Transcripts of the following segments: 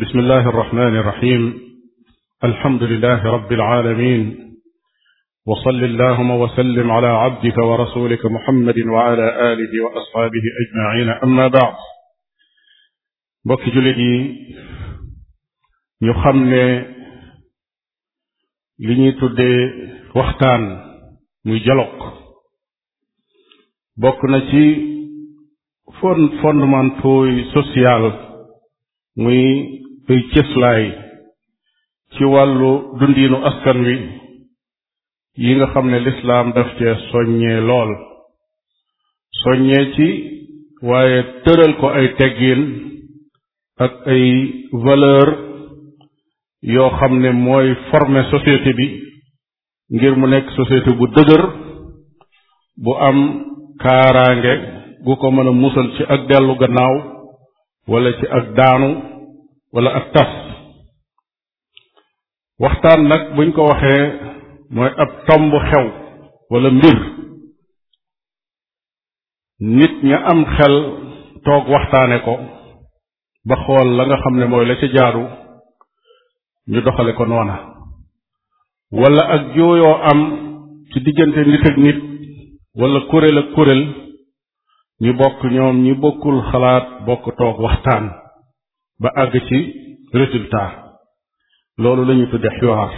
bismillahi arrahmani irrahim alhamdulilahi rabbil alamin wa salli allahuma wa sallim ala abdika wa rasulika muhammadin wa ala alihi wa asxaabihi ajmaina amma baad mbokki jullit yi ñu xam ne li ñuy tuddee waxtaan muy dialogue bokk na ci fond fondementaux social muy ay cëslaay ci wàllu dundiinu askan wi yi nga xam ne lislaam daf cee soññee lool soññee ci waaye tëral ko ay teggin ak ay valeur yoo xam ne mooy former société bi ngir mu nekk société bu dëgër bu am kaaraange gu ko mën a musal ci ak dellu gannaaw wala ci ak daanu wala ak tas waxtaan nag buñ ko waxee mooy ab tomb xew wala mbir nit ña am xel toog waxtaane ko ba xool la nga xam ne mooy la ca jaaru ñu doxale ko noona wala ak jooyoo am ci diggante nit ak nit wala kuréel ak kuréel ñu bokk ñoom ñi bokkul xalaat bokk toog waxtaan ba àgg ci résultat loolu lañu ñu tudde xiwaar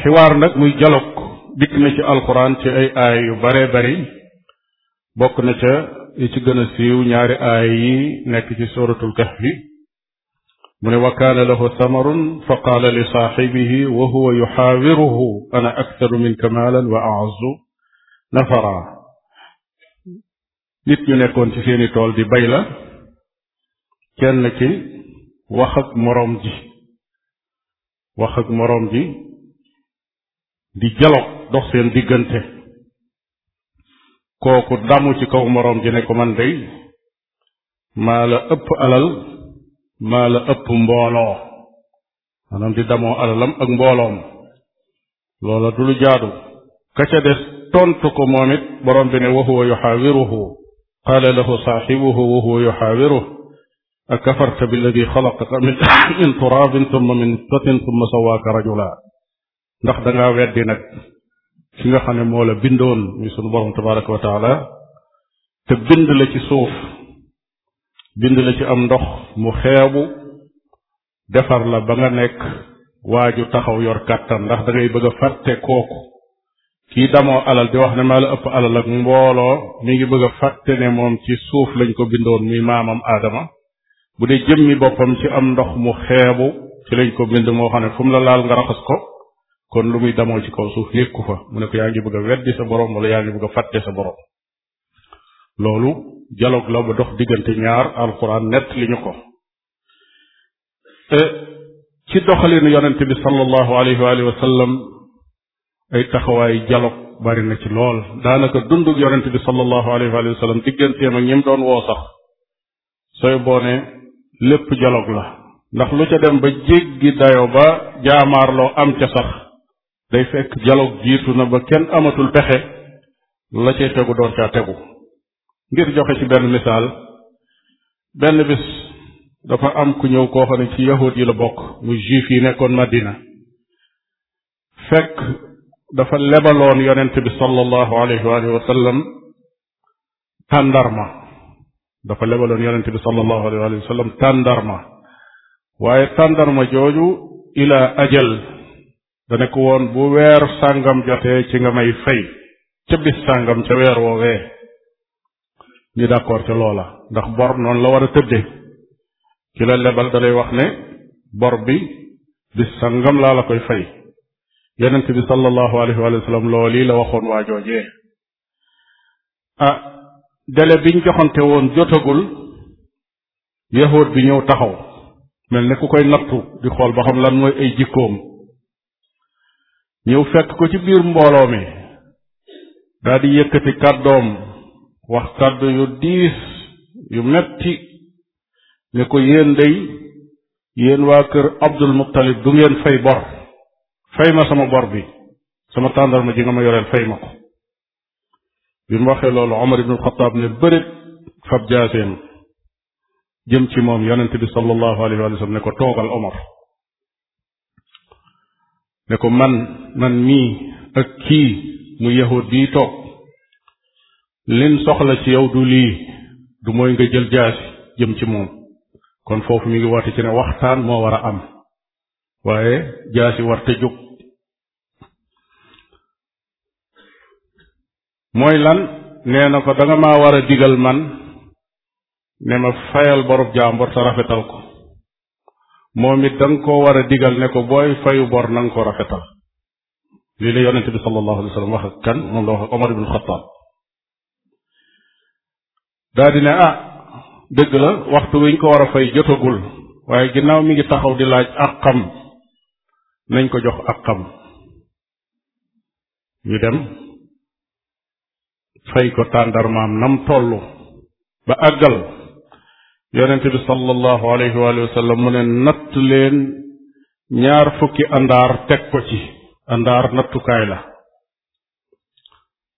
xiwaar nag muy dialogue dikk na ci alxuraan ci ay aay yu bare bari bokk na ci yi ci gën a siiw ñaari aay yi nekk ci suratul kahfi mu ne wa kaana lahu samarun fa qaala li saaxibihi wa huwa yuxaawiruhu ana aktaru minka maalan wa aazu nafara nit ñu nekkoon ci seeni tool di bay la kenn ki wax ak moroom ji wax ak moroom ji di dialogue dox seen diggante kooku damu ci kaw moroom ji ne ko man dey maa la ëpp alal maa la ëpp mbooloo maanaam di damoo alalam ak mbooloom loola du lu jaadu ka ca des tontu ko moom it bi ne wa huwa yuxaawiruhu qaala lahu saaxibuhu wa huwa yuxaawiruhu ak kafarta billadi xalaqaka min min turaabin tumma min nutfatin tumma sawaaka rajula ndax dangaa weddi nag ki nga xam ne moo la bindoon muy sunu borom tabaraka wa taala te bind la ci suuf bind la ci am ndox mu xeebu defar la ba nga nekk waaju taxaw yor kàttan ndax dangay ngay bëgg a fàtte kooku kii damoo alal di wax ne maa la ëpp alal ak mbooloo mi ngi bëgg a fàtte ne moom ci suuf lañ ko bindoon muy maamam aadama bu dee jëmmi boppam ci am ndox mu xeebu ci lañ ko bind moo xam ne fu mu la laal nga raxas ko kon lu muy damoo ci kaw suuf yëg ko fa mu ne ko yaa ngi bëgg a weddi sa borom wala yaa ngi bëgg a fàtte sa borom loolu dialogue la ba dox diggante ñaar alxuraan nett li ñu ko ci doxalinu yonent bi sallallahu alayhi wa alihi wa sallam ay taxawaay dialogue bari na ci lool daanaka dundug yonent bi sallallahu alayhi wa alihi wa sallam digganteem ak ñim doon woo sax sooy boone lépp dialogue la ndax lu ca dem ba jéggi dayo ba jaamaarloo am ca sax day fekk dialogue jiitu na ba kenn amatul pexe la cay tegu doon caa tegu ngir joxe ci benn misaal benn bis dafa am ku ñëw koo xam ci yahud yi la bokk muy juif yi nekkoon Madina fekk dafa lebaloon yonent bi sallallahu alayhi tàndarma dafa lebaloon yonente bi sallallahu alayhi wa tàndarma waaye tàndarma jooju ila ajal dana ko woon bu weer sàngam jotee ci nga may fay ca bis sàngam ca weer woowee ñu d'accord ca loola ndax bor noonu la war a tëdde ki la lebal da wax ne bor bi bis sàngam laa la koy fay yonente bi sallallahu alayhi wa sallam loolu la waxoon waa joojee ah délai biñ joxante woon jotagul yahood bi ñëw taxaw mel ni ku koy nattu di xool ba xam lan mooy ay jikkoom ñëw fekk ko ci biir mbooloo mi daal di yëkkati kàddoom wax kàddu yu diis yu metti ne ko yéen day yéen waa kër Abdul Muttalib du ngeen fay bor fay ma sama bor bi sama tàndarma ji nga ma yoreel fay ma ko yu mu waxee loolu Omar ibn Xataab ne bërit fab jaaseem jëm ci moom yonente bi sallallahu alayhi wa sallam ne ko toogal Omar ne ko man man mii ak kii mu yahud bii toog lin soxla ci yow du lii du mooy nga jël jaasi jëm ci moom kon foofu mu ngi woote ci ne waxtaan moo war a am waaye jaasi war te jóg mooy lan nee na ko danga maa war a digal man ne ma fayal borub jaambur te rafetal ko moom it danga koo war a digal ne ko booy fayu bor na nga ko rafetal lii la yonente bi sallallahu alayhi wax ak kan moom la wax ak Omar daa di ne ah dëgg la waxtu wiñ ko war a fay jotagul waaye ginnaaw mi ngi taxaw di laaj àqam nañ ko jox àqam ñu dem fay ko tàndarmaam nam toll ba àggal yonente bi sallallahu alayhi wa mu ne natt leen ñaar fukki àndaar teg ko ci àndaar nattukaay la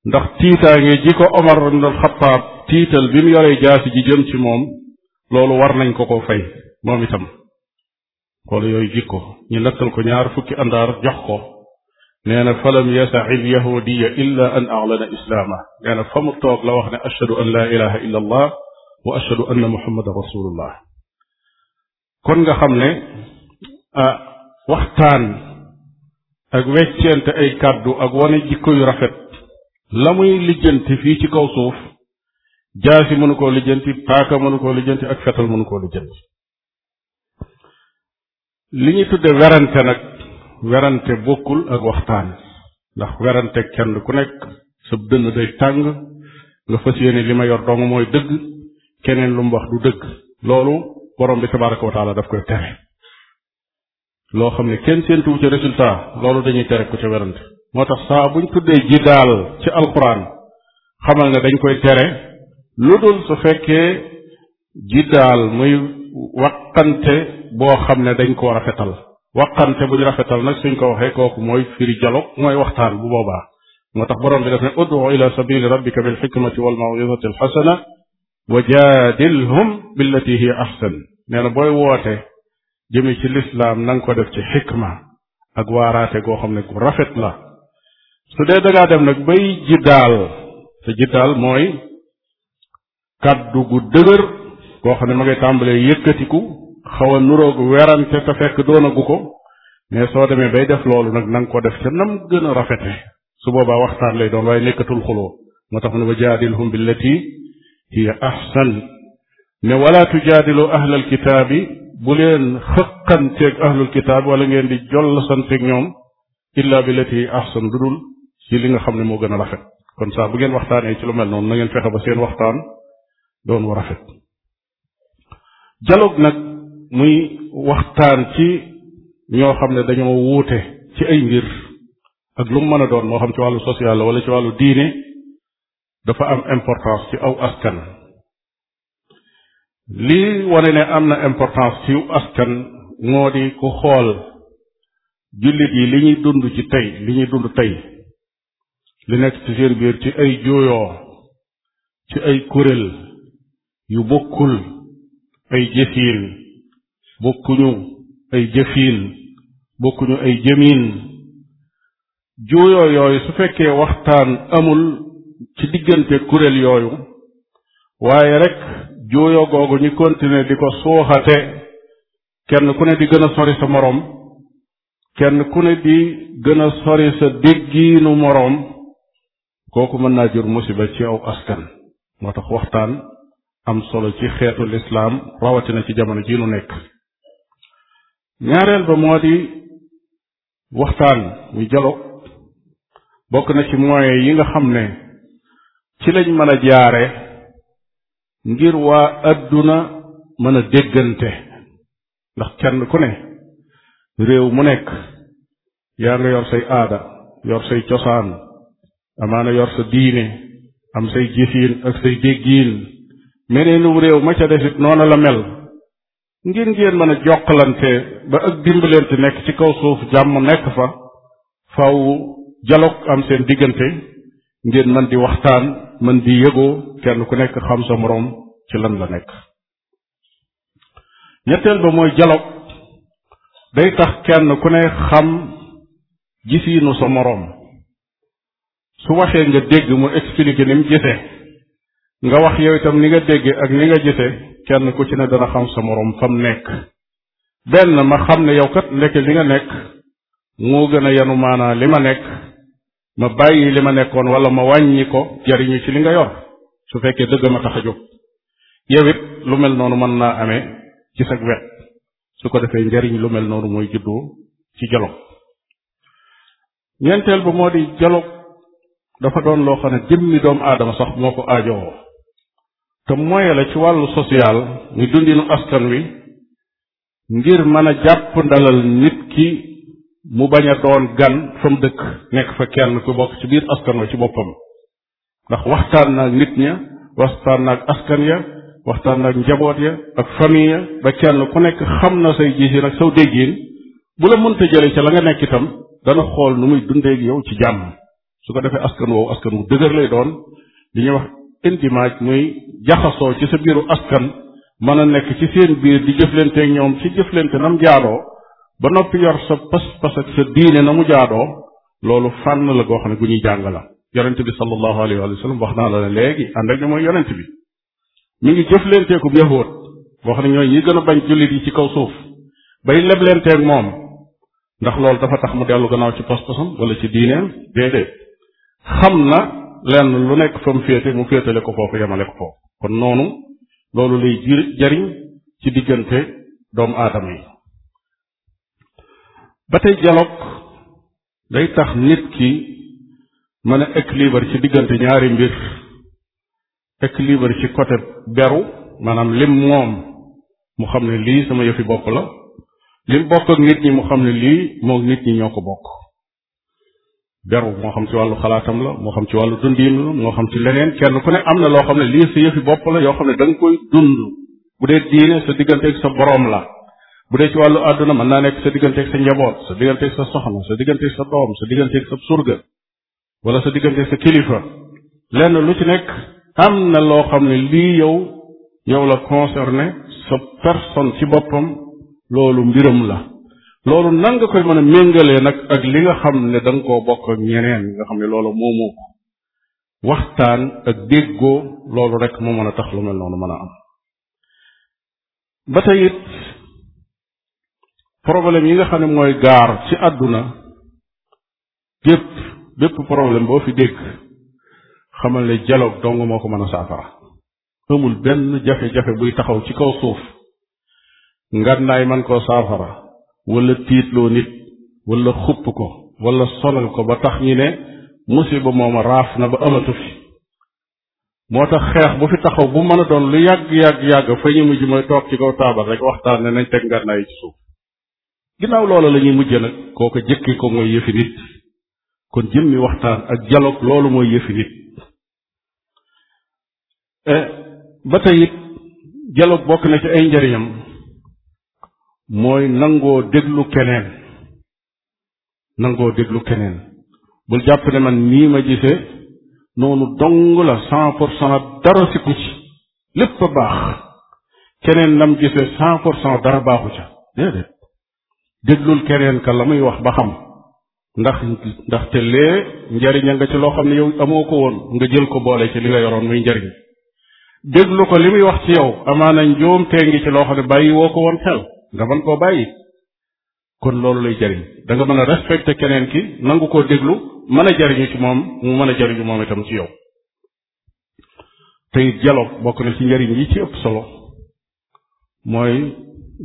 ndax tiitaange ji ko Omar ibn al tiital bi mu yoree jaasi ji jëm ci moom loolu war nañ ko ko fay moom itam xool yooyu jikko ñu nattal ko ñaar fukki àndaar jox ko nee na falam yasaxil yahudiya illa an alana islaama nee fa mu toog la wax ne ashhadu an laa ilaha illa allah wa ashhadu anna muhammadan rasulullah kon nga xam ne waxtaan ak weccente ay kàddu ak wane jikko yu rafet la muy lijjanti fii ci kaw suuf jaasi mënu koo lijjanti paaka mënu koo lijjanti ak fetal mënu lijjanti li ñu tudde werante nag werante bokkul ak waxtaan ndax werante kenn ku nekk sa dënn day tàng nga fas yéene li ma yor dong mooy dëgg keneen lu mu wax du dëgg loolu borom bi tabaraka wa taala daf koy tere loo xam ne kenn séentuwu ci résultat loolu dañuy tere ku ca werante moo tax saa buñ tuddee ji daal ci alquran xamal ne dañ koy tere lu dul su fekkee ji muy waqante boo xam ne dañ ko war waxante bu ñu rafetal nag suñ ko waxee kooku mooy firi dialogue mooy waxtaan bu boobaa moo tax borom bi daf ne ud'u ila sabili rabbika bil xikmati wal mawidati alxasana wa jaadilhum billati hiya ahsan nee na booy woote jëmi ci lislaam na nga ko def ci xikma ak waaraate goo xam ne gu rafet la su dee dangaa dem nag bay jiddaal te jiddaal mooy kàddu gu dëgër goo xam ne ma ngay tàmbalee yëkkatiku xaw a nuroog werante te fekk doonagu ko mais soo demee bay def loolu nag na nga ko def ca nam gën a rafete su boobaa waxtaan lay doon waaye nekkatul xuloo moo tax mu ne wa jaadilhum billati hiya ahsan ne wala tujaadilu ahlal kitaabi bu leen xëqanteeg ahlul kitaab wala ngeen di jollasanteeg ñoom illa billati ahsan lu dul ci li nga xam ne moo gën a rafet kon saa bu ngeen waxtaanee ci lu mel noonu na ngeen fexe ba seen waxtaan doon wu rafet muy waxtaan ci ñoo xam ne dañoo wuute ci ay mbir ak lu mën a doon moo xam ci wàllu social la wala ci wàllu diine dafa am importance ci aw askan lii wane ne am na importance ci askan moo di ku xool jullit yi li ñuy dund ci tey li ñuy dund tey li nekk ci seen biir ci ay jooyoo ci ay kuréel yu bokkul ay jëfiin bokkuñu ay jëfiin bokkuñu ay jëmiin juuyoo yooyu su fekkee waxtaan amul ci diggante kuréel yooyu waaye rek juuyoo googu ñu continuer di ko suuxate kenn ku ne di gën a sori sa moroom kenn ku ne di gën a sori sa déggiinu moroom kooku mën naa jur musiba ci aw askan moo tax waxtaan am solo ci xeetu lislaam rawatina ci jamono ji nu nekk ñaareel ba moo di waxtaan muy jalo bokk na ci moyen yi nga xam ne ci lañ mën a jaare ngir waa adduna mën a déggante ndax kenn ku ne réew mu nekk yaa nga yor say aada yor say cosaan amaana yor sa diine am say jëfiin ak say déggiin meneenum réew ma ca defit noona la mel ngir ngeen mën a jokkalante ba ak dimbalante nekk ci kaw suuf jàmm nekk fa faw dialogue am seen diggante ngeen man di waxtaan man di yëgoo kenn ku nekk xam sa moroom ci lan la nekk ñetteel ba mooy dialogue day tax kenn ku ne xam gisiinu sa moroom su waxee nga dégg mu expliqué ni mu gisee nga wax yow itam ni nga dégg ak ni nga gisee kenn ku ci ne dana xam sa moroom fam nekk benn ma xam ne yow kat ndeke li nga nekk moo gën a yenu maanaa li ma nekk ma bàyyi li ma nekkoon wala ma wàññi ko jariñu ci li nga yor su fekkee dëgg ma tax a jóg yow it lu mel noonu mën naa amee ci sag wet su ko defee njariñ lu mel noonu mooy juddoo ci dialogue ñeenteel ba moo di dialogue dafa doon loo xam ne jëmmi doomu aadama sax moo ko aajoo te moye la ci wàllu social ñu dundinu askan wi ngir mën a jàpp ndalal nit ki mu bañ a doon gan fa mu dëkk nekk fa kenn ku bokk ci biir askan wa ci boppam ndax waxtaan naag nit ña waxtaan naag askan ya waxtaan naag njaboot ya ak famille ya ba kenn ku nekk xam na say gisin ak saw déggiin bu la mënta jële ca la nga nekk itam dana xool nu muy dundeeg yow ci jàmm su ko defee askan woowu askan wu dëgër lay doon di ñuy wax indimaaj muy jaxasoo ci sa biiru askan mën a nekk ci seen biir di jëflanteeg ñoom ci jëflante nam jaadoo ba noppi yor sa pas-pas ak sa diine na mu jaadoo loolu fànn la goo xam ne gu ñuy jàng la yonent bi sallallahu alayhi wa sallam wax naa la ne léegi ànd ak ne mooy yonent bi mu ngi jëflanteeku yahood boo xam ne ñooy ñi gën a bañ jullit yi ci kaw suuf bay lebleenteeg moom ndax loolu dafa tax mu dellu gannaaw ci pas-pasam wala ci diineem déedéet xam na lenn lu nekk fa mu féete féetale ko foofu yemale ko foofu kon noonu loolu lay jariñ ci diggante doomu aadama yi ba tey dialogue day tax nit ki mën a équilibre ci diggante ñaari mbir équilibre ci côté beru maanaam lim moom mu xam ne lii sama yëfi bopp la lim bokk ak nit ñi mu xam ne lii moog nit ñi ñoo ko bokk beru moo xam ci wàllu xalaatam la moo xam ci wàllu dundiin la moo xam ci leneen kenn ku ne am na loo xam ne lii sa yëfi bopp la yoo xam ne da nga koy dund bu dee diine sa digganteeg sa boroom la bu dee ci wàllu àdduna mën naa nekk sa digganteeg sa njaboot sa digganteeg sa soxna sa digganteeg sa doom sa digganteeg sa surga wala sa digganteeg sa kilifa lenn lu ci nekk am na loo xam ne lii yow yow la concerné sa personne ci boppam loolu mbiram la loolu nan nga koy mën a méngalee nag ak li nga xam ne da koo bokk ak ñeneen nga xam ne loolu moomoo ko waxtaan ak déggoo loolu rek moo mën a tax lu mel noonu mën a am ba tey it yi nga xam ne mooy gaar ci àdduna bépp bépp problème boo fi dégg xamal ne dialogue dong moo ko mën a saafara amul benn jafe-jafe buy taxaw ci kaw suuf ngannaay man koo saafara wala tiitloo nit wala xupp ko wala sonal ko ba tax ñi ne musiba mooma raaf na ba amatu fi moo tax xeex bu fi taxaw bu mën a doon lu yàgg yàgg yàgg fa ñu mujj mooy toog ci kaw taabal rek waxtaan ne nañ teg ngànnaay ci suuf ginnaaw loola la ñuy mujje nag kooko jëkki ko mooy yëfi nit kon jëmmi waxtaan ak dialogue loolu mooy yëfi nit eh, ba tey it bokk na ci ay njariñam mooy nangoo déglu keneen nangoo déglu keneen bul jàpp ne man nii ma gisee noonu dong la cent pour cent dara sikku ci lépp baax keneen nam gisee cent dara baaxu ca déglul keneen ka la muy wax ba xam ndax ndaxte lee njariñ a nga ci loo xam ne yow amoo ko woon nga jël ko boole ci li nga yoroon muy njariñ déglu ko li muy wax ci yow amaana njuum tee ngi ci loo xam ne bàyyi woo ko woon xel nga mën koo bàyyi kon loolu lay jariñ danga mën a respecté keneen ki nangu koo déglu mën a jariñu ci moom mu mën a jariñu moom itam ci yow te it dialogue bokk na ci njariñ yi ci ëpp solo mooy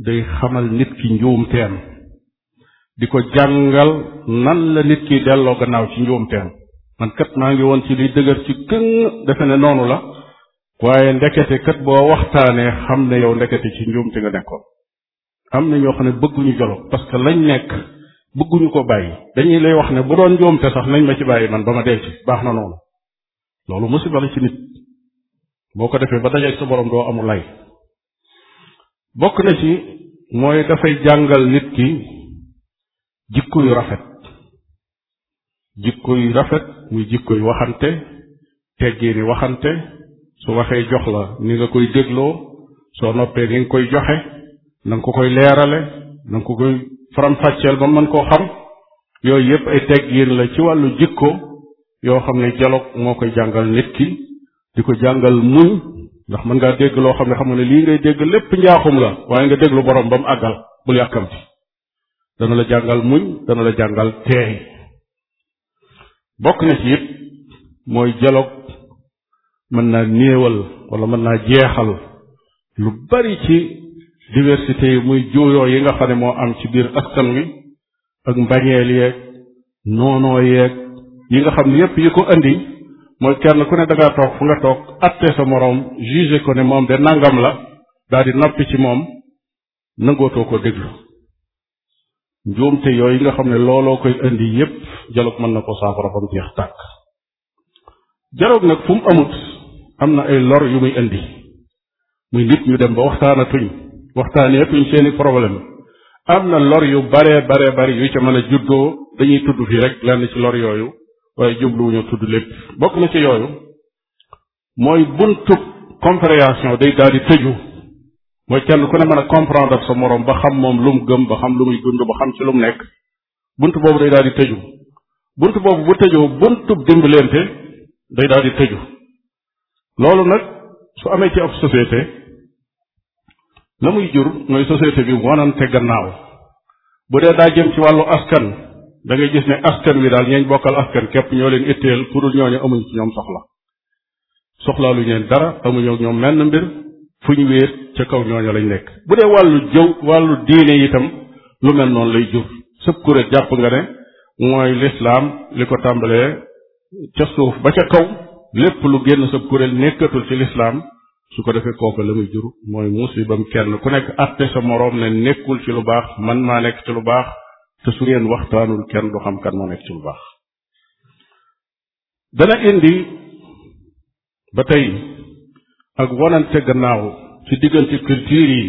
day xamal nit ki njuumteem di ko jàngal nan la nit ki delloo gannaaw ci njuumteem man kat maa ngi woon ci liy dëgër ci këng defe ne noonu la waaye ndekete kat boo waxtaanee xam ne yow ndekete ci njuumte nga nekkoon am na ñoo xam ne bëgguñu jolof parce que lañ nekk bëgguñu ko bàyyi dañuy lay wax ne bu doon njoomte sax nañ ma ci bàyyi man ba ma denc baax na noonu loolu musiba la ci nit boo ko defee ba dajeeg sa borom doo amul lay bokk na ci mooy dafay jàngal nit ki jikko yu rafet jikko yu rafet muy jikko yu waxante teggiini waxante su waxee jox la ni nga koy dégloo soo noppee ni nga koy joxe na nga ko koy leerale na nga ko koy faram ba mën koo xam yooyu yépp ay teggin la ci wàllu jikko yoo xam ne dialogue moo koy jàngal nit ki di ko jàngal muñ ndax mën ngaa dégg loo xam ne xam nga ne lii ngay dégg lépp njaaxum la waaye nga déglu borom ba mu àggal bul yàkkamti dana la jàngal muñ dana la jàngal teey bokk na ci it mooy dialogue mën naa néewal walla mën naa jeexal lu bari ci diversité yi muy juuyoo yi nga xam ne moo am ci biir askan wi ak mbañeel yeeg noonoo yeeg yi nga xam ne yépp yi ko indi mooy kenn ku ne da toog fu nga toog atte sa moroom jugé ko ne moom de nangam la daal di noppi ci moom nangootoo ko déglu njuumte yooyu nga xam ne looloo koy indi yépp jaloog mën na ko saafara ba mu jeex tàkk jaloog nag fu mu am na ay lor yu muy indi muy nit ñu dem ba waxtaanatuñ waxtaan yëpp seen i problème am na lor yu bare bare bari yu ca mën a juddoo dañuy tudd fii rek lenn ci lor yooyu waaye jubluwuñu tudd lépp bokk na ci yooyu mooy buntu compréhension day daal mooy kenn ku ne mën a comprendre ak sa moroom ba xam moom lu mu gëm ba xam lu muy dund ba xam ci lu mu nekk bunt boobu day daal di tëju bunt boobu bu tëjoo buntub dimbalante day daal di tëju loolu nag su amee ci ab société la muy jur mooy société bi wonante gannaaw bu dee daa jëm ci wàllu askan da gis ne askan wi daal ñeeñ bokkal askan képp ñoo leen itteel ku dul ñooñu amuñ ci ñoom soxla soxlaalu ñeen dara amuñu ñoom menn mbir fu ñu wéet ca kaw ñooño lañ nekk bu dee wàllu jëw wàllu diine itam lu mel noonu lay jur sëb kuréel jàpp nga ne mooy lislaam li ko tàmbalee ca suuf ba ca kaw lépp lu génn sab kuréel nekkatul ci lislaam su ko defee kooka la muy jur mooy musibam kenn ku nekk atte sa moroom ne nekkul ci lu baax man maa nekk ci lu baax te su ngeen waxtaanul kenn du xam kan moo nekk ci lu baax dana indi ba tey ak wanante gannaaw ci diggante culture yi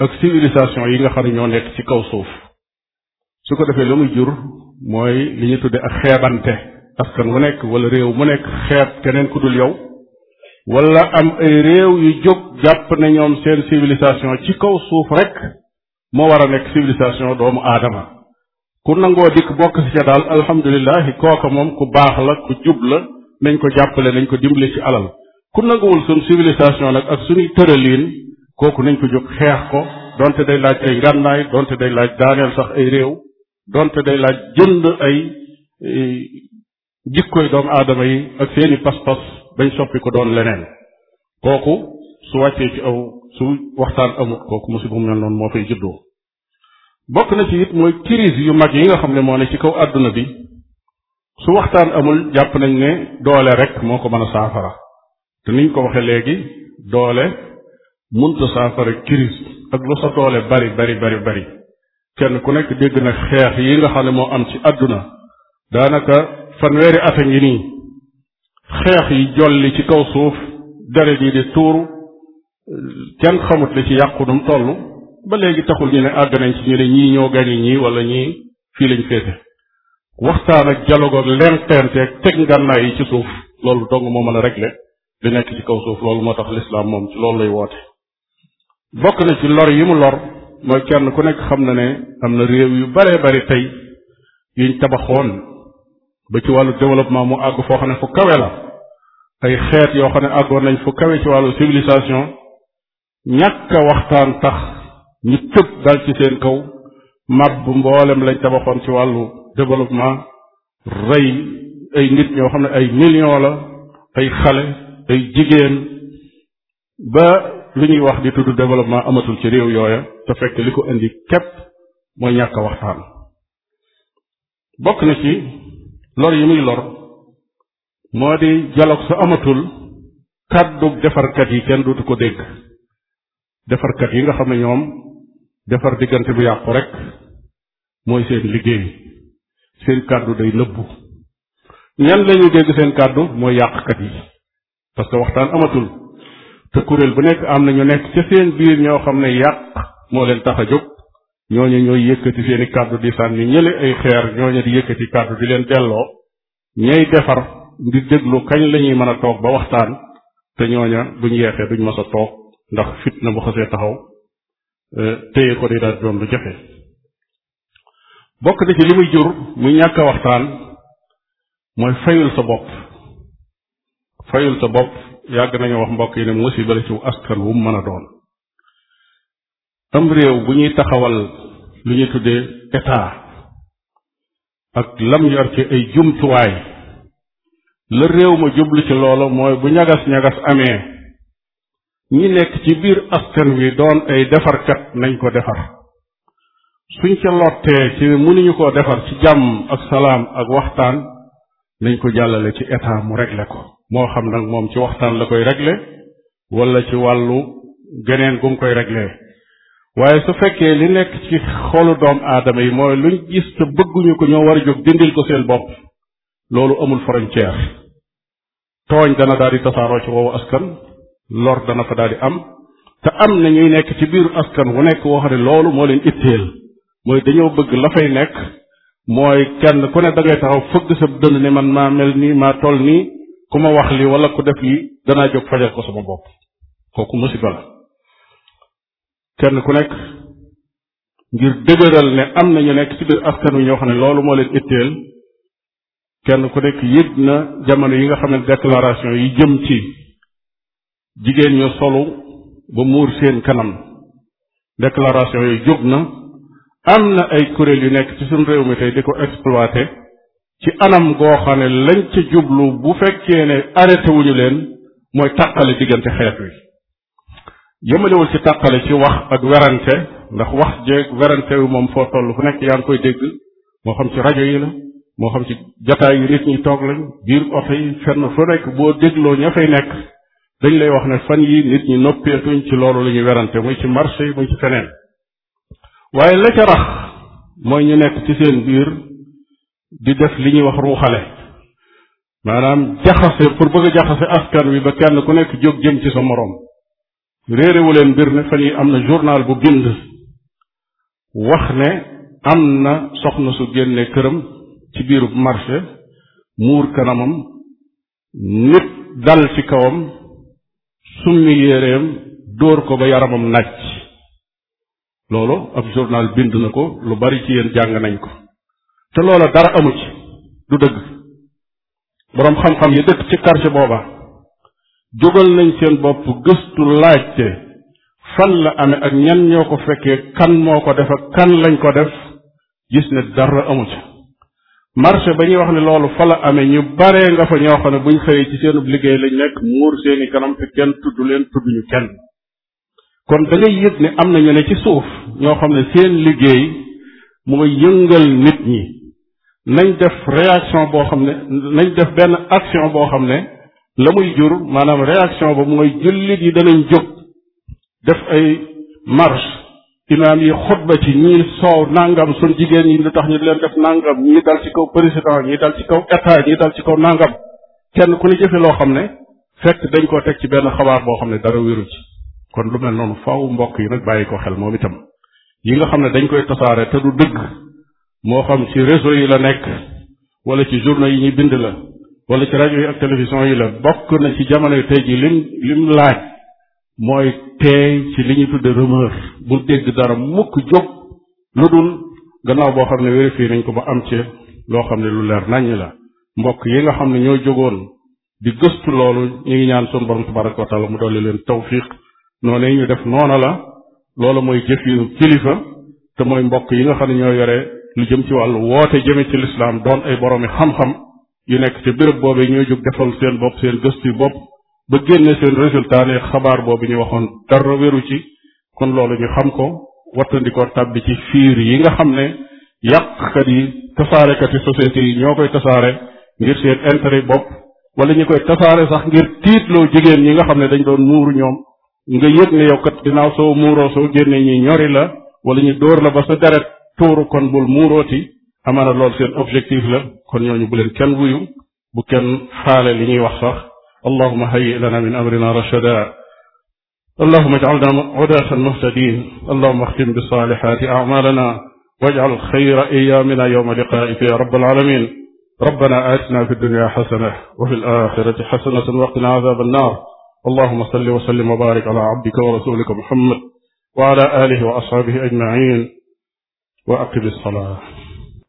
ak civilisation yi nga xam ñoo nekk ci kaw suuf su ko defee la muy jur mooy li ñu tudde ak xeebante askan wu nekk wala réew mu nekk xeeb keneen ku dul yow wala am ay réew yu jóg jàpp ne ñoom seen civilisation ci kaw suuf rek moo war a nekk civilisation doomu aadama ku nangoo dikk bokk ci ca daal alhamdulilah kooka moom ku baax la ku jub la nañ ko jàppale nañ ko dimbale ci alal ku nanguwul suñ civilisation nag ak suñuy tëraliin kooku nañ ko jóg xeex ko donte day laaj ay ngànnaay donte day laaj daaneel sax ay réew donte day laaj jënd ay eh, jikkoy doomu aadama yi ak seeni pas-pas bay soppi ko doon leneen kooku su wàccee ci aw su waxtaan amut kooku musiba mu mel noonu moo fay juddoo bokk na ci it mooy crise yu mag yi nga xam ne moo ne ci kaw àdduna bi su waxtaan amul jàpp nañ ne doole rek moo ko mën a saafara te niñ ko waxe léegi doole munta saafara crise ak lu sa doole bari bari bari bari kenn ku nekk dégg na xeex yi nga xam ne moo am ci àdduna daanaka fanweeri at a ngi nii xeex yi jolli ci kaw suuf deret yi di tuuru kenn xamut li ci yàqu num ba léegi taxul ñu ne àgg nañ ci ñu ne ñii ñoo gani ñii wala ñii fii lañ féete waxtaan ak dialogue ak lenteente ak teg ngànnaay yi ci suuf loolu dong moo mën na régler li nekk ci kaw suuf loolu moo tax lislaam moom ci loolu lay woote bokk na ci lor yi mu lor mooy kenn ku nekk xam na ne am na réew yu bare bari tey yuñ tabaxoon ba ci wàllu développement mu àgg foo xam ne fu kawe la ay xeet yoo xam ne àggoon nañ fu kawe ci wàllu civilisation ñàkk a waxtaan tax ñu tëb dal ci seen kaw mab mboolem lañ tabaxoon ci wàllu développement rey ay nit ñoo xam ne ay millions la ay xale ay jigéen ba li ñuy wax di tudd développement amatul ci réew yooya te fekk li ko indi képp mooy ñàkk a waxtaan bokk na ci lor yi muy lor moo di dialogue su amatul kàddu defarkat yi kenn du ko dégg defarkat yi nga xam ne ñoom defar diggante bu yàqu rek mooy seen liggéey seen kàddu day nëbbu ñan lañu dégg seen kàddu mooy yàqkat yi parce que waxtaan amatul te kuréel bu nekk am na ñu nekk ca seen biir ñoo xam ne yàq moo leen tax a jóg ñooñu ñooy yëkkati seeni kàddu di sànni ñële ay xeer ñooñu di yëkkati kàddu di leen delloo ñay defar ndi déglu kañ la ñuy mën a toog ba waxtaan te ñooña buñ yeexee duñ mës a toog ndax fitna bu xasee taxaw euh, téye ko di daal doon lu jafe bokk na ci li muy jur muy ñàkk waxtaan mooy fayul sa bopp fayul sa bopp yàgg nañu wax mbokk yi ne musiba la ci askan wu mën a doon am réew bu ñuy taxawal lu ñu tuddee état ak lam yor ci ay jumtuwaay la réew ma jublu ci loolo mooy bu ñagas-ñagas amee ñi nekk ci biir askan wi doon ay defarkat nañ ko defar suñ ca lottee ci mënuñu koo defar ci jàmm ak salaam ak waxtaan nañ ko jàllale ci état mu régler ko moo xam nag moom ci waxtaan la koy régler walla ci wàllu geneen gum koy régler waaye su fekkee li nekk ci xoolu doom aadama yi mooy luñ gis te bëgguñu ko ñoo war a jóg dindil ko seen bopp loolu amul frontière tooñ dana daal di tasaaroo ci woowu askan lor dana fa daal di am te am na ñuy nekk ci biir askan wu nekk woo xam ne loolu moo leen itteel mooy dañoo bëgg la fay nekk mooy kenn ku ne da ngay taxaw fëgg sa dënd ne man maa mel nii maa toll nii ku ma wax li wala ku def lii danaa jóg fajal ko sama bopp kooku musiba la kenn ku nekk ngir dëgëral ne am na ñu nekk ci biir askan wi ñoo xam ne loolu moo leen itteel kenn ku nekk yëg na jamono yi nga xam ne déclaration yi jëm ci jigéen ñu solu ba muur seen kanam déclaration yi jóg na am na ay kuréel yu nekk ci suñu réew mi tey di ko exploité ci anam goo xam ne lañ ca jublu bu fekkee ne arrêté wuñu leen mooy tàqale diggante xeet wi yëmalewul ci tàppale ci wax ak werante ndax wax jeeg werante wi moom foo toll fu nekk yaa ngi koy dégg moo xam ci rajo yi la moo xam ci jataay yu nit ñi toog lañ biir oto yi fenn fu nekk boo dégloo ña fay nekk dañ lay wax ne fan yi nit ñi noppeetuñ ci loolu lañuy werante muy ci marché yi muy ci feneen waaye la ca rax mooy ñu nekk ci seen biir di def li ñuy wax ruuxale maanaam jaxase pour bëgg a jaxase askan wi ba kenn ku nekk jóg jëm ci sa moroom réerewu mbir ne fa ñuy am na journal bu bind wax ne am na soxna su génne këram ci biiru marché muur kanamam nit dal ci kawam summi yéreem dóor ko ba yaramam nàcc loolu ab journal bind na ko lu bari ci yéen jàng nañ ko te loola dara amu ci du dëgg boroom xam-xam yi dëkk ci quartier booba jógal nañ seen bopp gëstu laajte fan la amee ak ñan ñoo ko fekkee kan moo ko defa ak kan lañ ko def gis ne dara amu ca marché ba ñuy wax ne loolu fa la amee ñu baree nga fa ñoo xam ne buñ xëyee ci seenub liggéey lañ nekk muur seeni kanam te kenn tudd leen tudduñu kenn kon da ngay yëg ne am na ñu ne ci suuf ñoo xam ne seen liggéey mooy yëngal nit ñi nañ def réaction boo xam ne nañ def benn action boo xam ne la muy jur maanaam réaction ba mooy jullit yi danañ jóg def ay marche imaam yi xutba ci ñii soow nangam suñ jigéen ñi lu tax ñu leen def nangam ñii dal ci kaw président ñii dal ci kaw état ñii dal ci kaw nangam kenn ku ne jëfe loo xam ne fekk dañ koo teg ci benn xabaar boo xam ne dara wéru ci kon lu mel noonu faaw mbokk yi nag bàyyi ko xel moom itam yi nga xam ne dañ koy tasaare te du dëgg moo xam ci réseau yi la nekk wala ci journaux yi ñu bind la wala ci rajo yi ak télévision yi la bokk na ci jamonoy tey ji lim lim laaj mooy teey ci li ñu tudde rumeur bul dégg dara mukk jóg lu dul gannaaw boo xam ne vérifié nañ ko ba am ci loo xam ne lu leer naññ la mbokk yi nga xam ne ñoo jógoon di gëstu loolu ñu ngi ñaan sunu borom tabaraka wa taala mu dolli leen tawfiq noonu ñu def noona la loolu mooy jëf yu kilifa te mooy mbokk yi nga xam ne ñoo yore lu jëm ci wàllu woote jëme ci lislaam doon ay boroomi xam-xam yu nekk ci béréb boobee ñooy jóg defal seen bopp seen gëstu yu bopp ba génne seen résultat ne xabaar boobu ñu waxoon dara wéru ci kon loolu ñu xam ko wattandikoo tàbbi ci fiir yi nga xam ne yàqkat yi tasaarekati société yi ñoo koy tasaare ngir seen intérêt bopp wala ñu koy tasaare sax ngir tiitloo jigéen ñi nga xam ne dañ doon muuru ñoom nga yëg ne yow kat ginnaaw soo muuroo soo génnee ñi ñori la wala ñu dóor la ba sa deret tuuru kon bul muurooti amaana loolu seen objectif la kon ñooñu bu leen kenn wuyu bu kenn xaale li ñuy wax sax allahuma hayyi lana min amrina rachada allahuma ijcalna udaatan muhtadin allahuma axtim bisalihati acmalana wajcal xayra ayamina yowma liqaaika ya rabbal alamin ربنا آتنا في الدنيا حسنة وفي الآخرة حسنة وقنا عذاب النار اللهم صل وسلم وبارك على عبدك ورسولك محمد وعلى آله وأصحابه أجمعين وأقم الصلاة